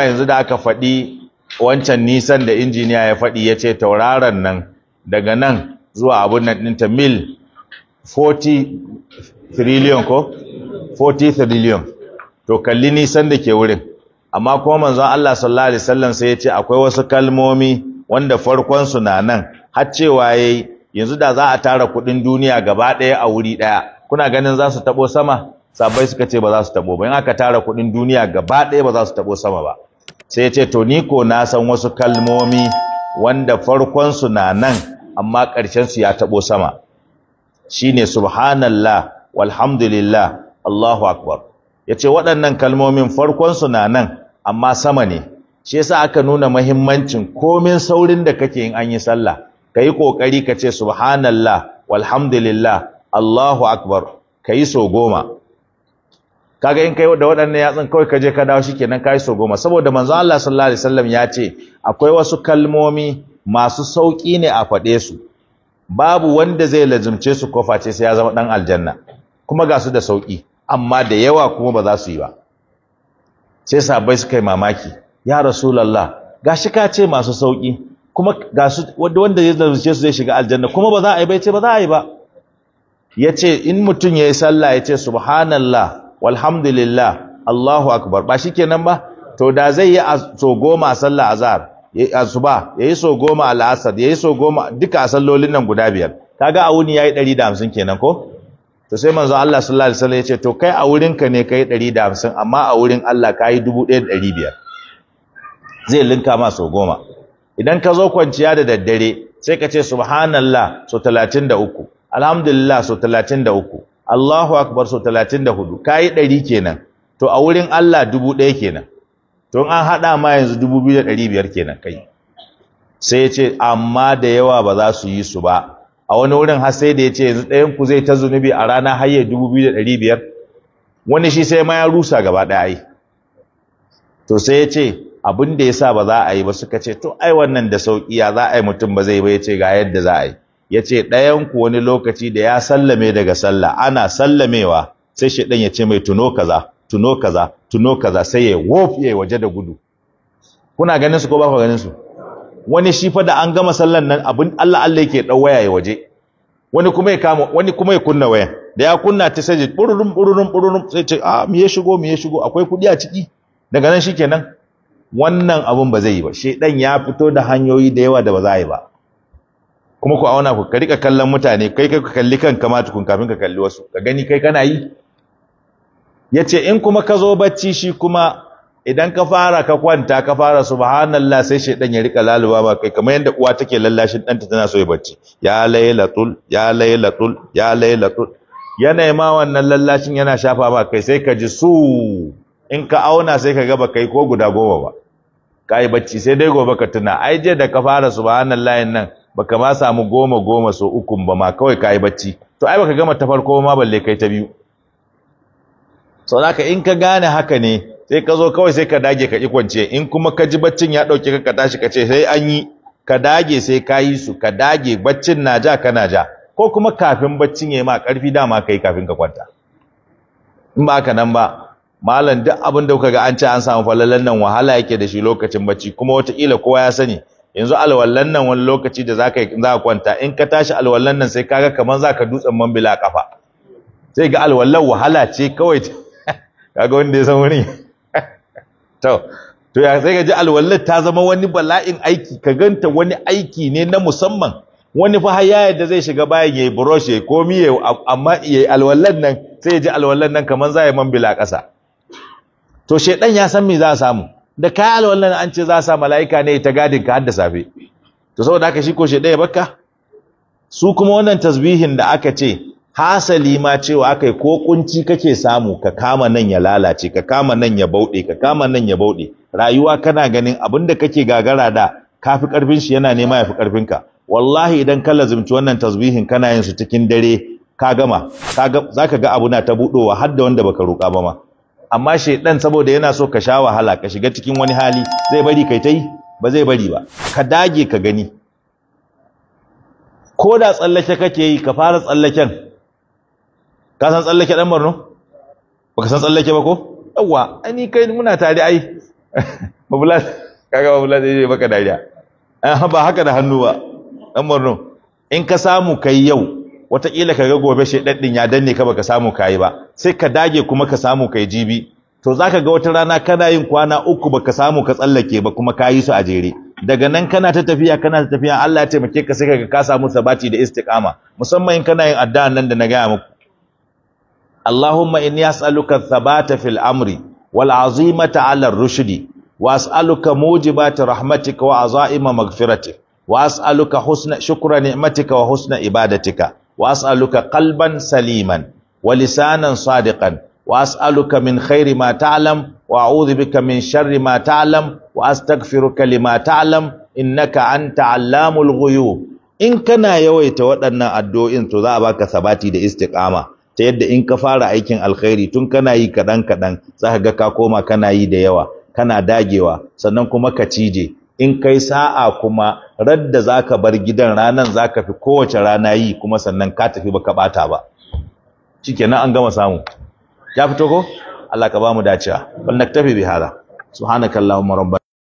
yanzu da aka faɗi wancan nisan da injiniya ya faɗi ya ce tauraron nan daga nan zuwa abun nan ɗinta mil 40 trillion ko 40 trillion to kalli nisan da ke wurin amma kuma manzon Allah sallallahu alaihi wasallam sai ya ce akwai wasu kalmomi wanda farkon su na nan har cewa yayi yanzu da za a tara kuɗin duniya gaba ɗaya a wuri ɗaya kuna ganin za su tabo sama sabai suka ce ba za su tabo ba in aka tara kuɗin duniya gaba ɗaya ba za su tabo sama ba sai ce to ni ko na san wasu kalmomi wanda farkon su na nan amma ƙarshen su ya taɓo sama shine subhanallah walhamdulillah Allahu akbar yace waɗannan kalmomin farkonsu na nan amma sama ne shi yasa aka nuna muhimmancin komin saurin da kake yin an yi sallah kai kokari ka ce subhanallah walhamdulillah Allahu akbar kai so goma kaga in kai da waɗannan yatsun kawai ka je ka dawo shikenan kai so goma saboda manzo Allah sallallahu alaihi wasallam ya ce akwai wasu kalmomi masu sauki ne a faɗe su babu wanda zai lazumce su ko face sai ya zama dan aljanna kuma ga su da sauki amma da yawa kuma ba za su yi ba sai sabai suka yi mamaki ya rasulullah gashi ka ce masu sauki kuma ga su wanda zai lazumce su zai shiga aljanna kuma ba za a yi ba ce ba za a yi ba yace in mutum yayi sallah yace subhanallah walhamdulillah Allahu akbar ba shikenan ba to da zai yi so goma a sallah azhar asuba yayi so goma al-asr yayi so goma duka a sallolin nan guda biyar kaga a wuni yayi 150 kenan ko to sai manzo Allah sallallahu alaihi wasallam yace to kai a wurin ka ne kai 150 amma a wurin Allah kai 1500 zai linka ma so goma idan ka zo kwanciya da daddare sai ka ce subhanallah so 33 alhamdulillah so 33 Allahu akbar so 34 kayi ɗari kenan to a wurin Allah 1000 kenan to an hada ma yanzu 2500 kenan kai sai ya ce amma da yawa ba za su yi su ba a wani wurin har sai da ya ce yanzu ɗayan ku zai ta zunubi a rana har ya 2500 wani shi sai ma ya rusa gaba ɗaya ai to sai ya ce abin da yasa ba za a yi ba suka ce to ai wannan da sauki ya za a yi mutum ba zai ba ya ce ga yadda za a yi ya ce ɗayanku wani lokaci da ya sallame daga sallah ana sallamewa sai shi ɗan ya ce mai tuno kaza tuno kaza tuno kaza sai ya wof ya waje da gudu kuna ganin su ko ba ku ganin su wani shi fa da an gama sallan nan abin Allah Allah yake dau waya ya waje wani kuma ya kama wani kuma ya kunna wayan da ya kunna ta sai bururum bururum bururum sai ce ah me ya shigo me ya shigo akwai kudi a ciki daga nan shikenan wannan abun ba zai yi ba shedan ya fito da hanyoyi da yawa da ba za yi ba kuma ku auna ku ka rika kallon mutane kai kai ka kalli kanka ma tukun kafin ka kalli wasu ka gani kai kana yi yace in kuma ka zo bacci shi kuma idan ka fara ka kwanta ka fara subhanallah sai shedan ya rika laluba ba kai kamar yadda uwa take lallashin danta tana so ya bacci ya laylatul ya laylatul ya laylatul yana ma wannan lallashin yana shafa ba kai sai ka ji su in ka auna sai ka ga ba kai ko guda goma ba kai bacci sai dai gobe ka tuna ai je da ka fara subhanallah nan baka ma samu goma goma so ukun ba ma kawai ka bacci to ai baka gama ta farko ma balle kai ta biyu so in ka gane haka ne sai ka zo kawai sai ka dage ka ƙi kwance in kuma ka ji baccin ya dauke ka tashi ka ce sai an yi ka dage sai ka yi su ka dage baccin na ja kana ja ko kuma kafin baccin yayi ma karfi dama ka yi kafin ka kwanta in ba haka nan ba malam duk abin da kuka ga an ce an samu falalan nan wahala yake da shi lokacin bacci kuma wataƙila kowa ya sani yanzu alwallan nan wani lokaci da za ka kwanta in ka tashi alwallan nan sai kaga kaman ka dutsen man bila kafa sai ga alwallan wahala ce kawai kaga wanda ya san wani to to ya sai ga ji alwallan ta zama wani bala'in aiki ka ganta wani aiki ne na musamman wani fa har yaya da zai shiga bayan yayi brush yayi komi yayi amma yayi alwallan nan sai ya ji alwallan nan kaman za ya man bila kasa to shedan ya san me za a samu da ka wannan an ce za sa mala'ika ne ta gadin ka har da safe to saboda haka shi ko shi ɗaya bakka su kuma wannan tasbihin da aka ce hasali ma cewa aka yi ko kunci kake samu ka kama nan ya lalace ka kama nan ya bauɗe ka kama nan ya bauɗe rayuwa kana ganin abinda kake gagara da kafi karfin shi yana nema ya fi karfin ka wallahi idan ka lazimci wannan tasbihin kana yin su cikin dare ka gama zaka ga abu na ta buɗowa har wanda baka roƙa ba ma amma shaidan saboda yana so ka sha wahala ka shiga cikin wani hali zai bari kai tai ba zai bari ba ka dage ka gani ko da tsallake kake yi ka fara tsallaken ka san tsallake dan Ba ka san tsallake ba ko yawa ani kai muna tare ai babula kaga babula zai baka dariya ba haka da hannu ba dan barno in ka samu kai yau wataƙila ka ga gobe shi ɗaɗɗin ya danne ka baka samu kayi ba sai ka dage kuma ka samu kai jibi to zaka ga wata rana kana yin kwana uku baka samu ka tsallake ba kuma kayi su a jere daga nan kana ta tafiya kana ta tafiya Allah ya taimake ka sai ka ka samu sabati da istiqama musamman in kana yin addu'a nan da na gaya muku Allahumma inni as'aluka thabata fil amri wal azimata 'ala rushdi wa as'aluka mujibata rahmatika wa azaima maghfiratik wa as'aluka husna shukra ni'matika wa husna ibadatika وأسألك قلبا سليما ولسانا صادقا وأسألك من خير ما تعلم وأعوذ بك من شر ما تعلم وأستغفرك لما تعلم إنك أنت علام الغيوب in kana yawaita waɗannan addu'o'in to za a baka sabati da istikama ta yadda in ka fara aikin alkhairi tun kana yi kaɗan kaɗan za ka ga ka koma kana yi da yawa kana dagewa sannan kuma ka cije in kai sa'a kuma radda ka bar gidan ranan ka fi kowace rana yi kuma sannan ka tafi baka bata ba shikenan an gama samu ya fito ko Allah ka ba mu dacewa bal naktafi bi hada subhanakallahumma rabbana